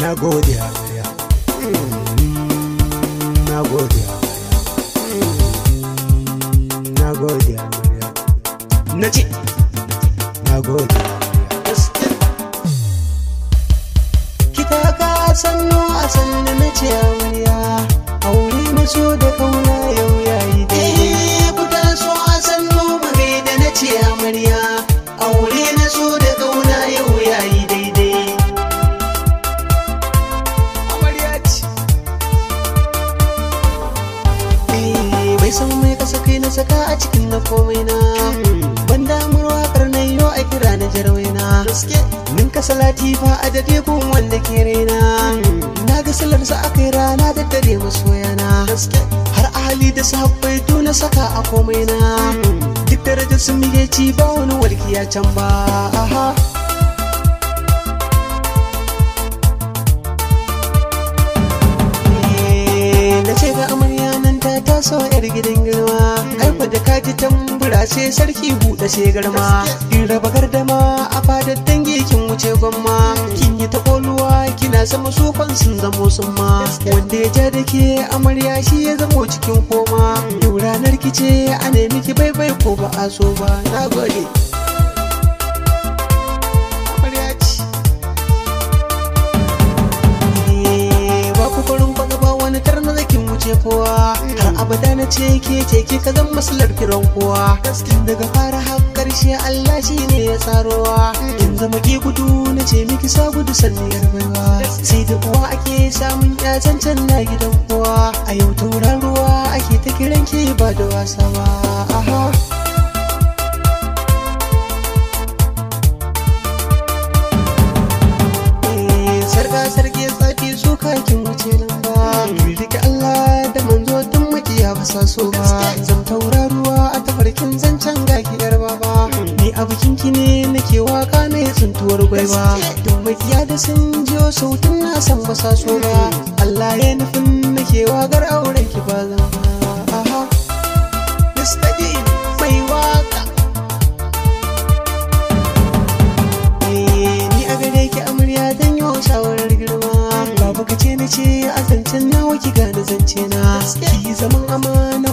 Nagode gode amaya na gode amaya hmm, na gode hmm, amaya na ce sannu a sannu na ce amarya aure maso da kauna yau yayi yi eh, ku taso a sannu mu da na ce amarya aure na so Kai san mai kasa kai na saka a cikin komai na Ban damar wakar na yo a kira na jarwai na Min kasa latifa a dade kun wanda ke raina Na ga salar sa yi rana da dare masoya na Har ahali da sahabbai to na saka a komai na Duk darajar sun yi ci ba wani walkiya can ba so yar gidan girma ai jaka da kaji tambura sai sarki buɗe sai garma in raba gardama a fadar dangi kin wuce gwamma kin yi ta koluwa kina sama sofan sun zamo sun ma wanda ya ja da ke amarya shi ya zamo cikin koma yau ranar kice a nemi ki bai-bai ko ba a so ba na gode eh, kowa ce ke ce ke ka zan masalar kiran kowa gaskin daga fara har karshe Allah shi ne ya tsarowa in zama ke gudu na ce miki sa gudu yar baiwa sai da uwa ake samun yacancan na gidan kuwa. a yau tauran ruwa ake ta kiran ke ba da wasa ba aha zan taura ruwa a tafarkin zancen gagiyar baba ni a bikin ki ne nake waka ne tsuntuwar gwaiba duk makiya da sun jiyo sautin na san ba so ba Allah ya nufin nake wakar auren ki ba zan ba eh, ni a gare ki amarya don yawan shawarar girma baba ce a zancen nawa ki gane zance na ki zaman amana